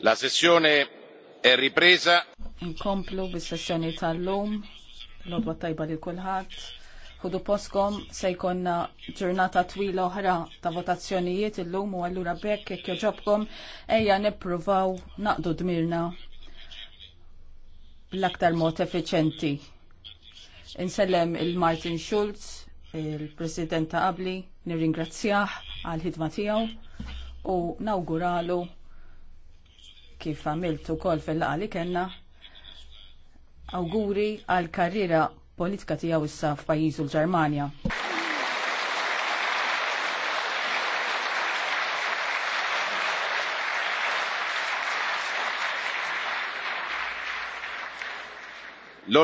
La sessione è ripresa. Inkomplu bis-sessjoni tal-lum, l tajba li kulħadd. Ħudu poskom se jkollna ġurnata twila oħra ta' votazzjonijiet illum u allura bekk jekk joġobkom ejja nippruvaw naqdu dmirna bl aktar mod effiċenti. Insellem il-Martin Schulz, il-President ta' qabli, nirringrazzjah għal ħidma tiegħu u nawguralu kif għamiltu kol fil-laqali kellna awguri għal karriera politika tiegħu issa f'pajjiżu l-Ġermanja.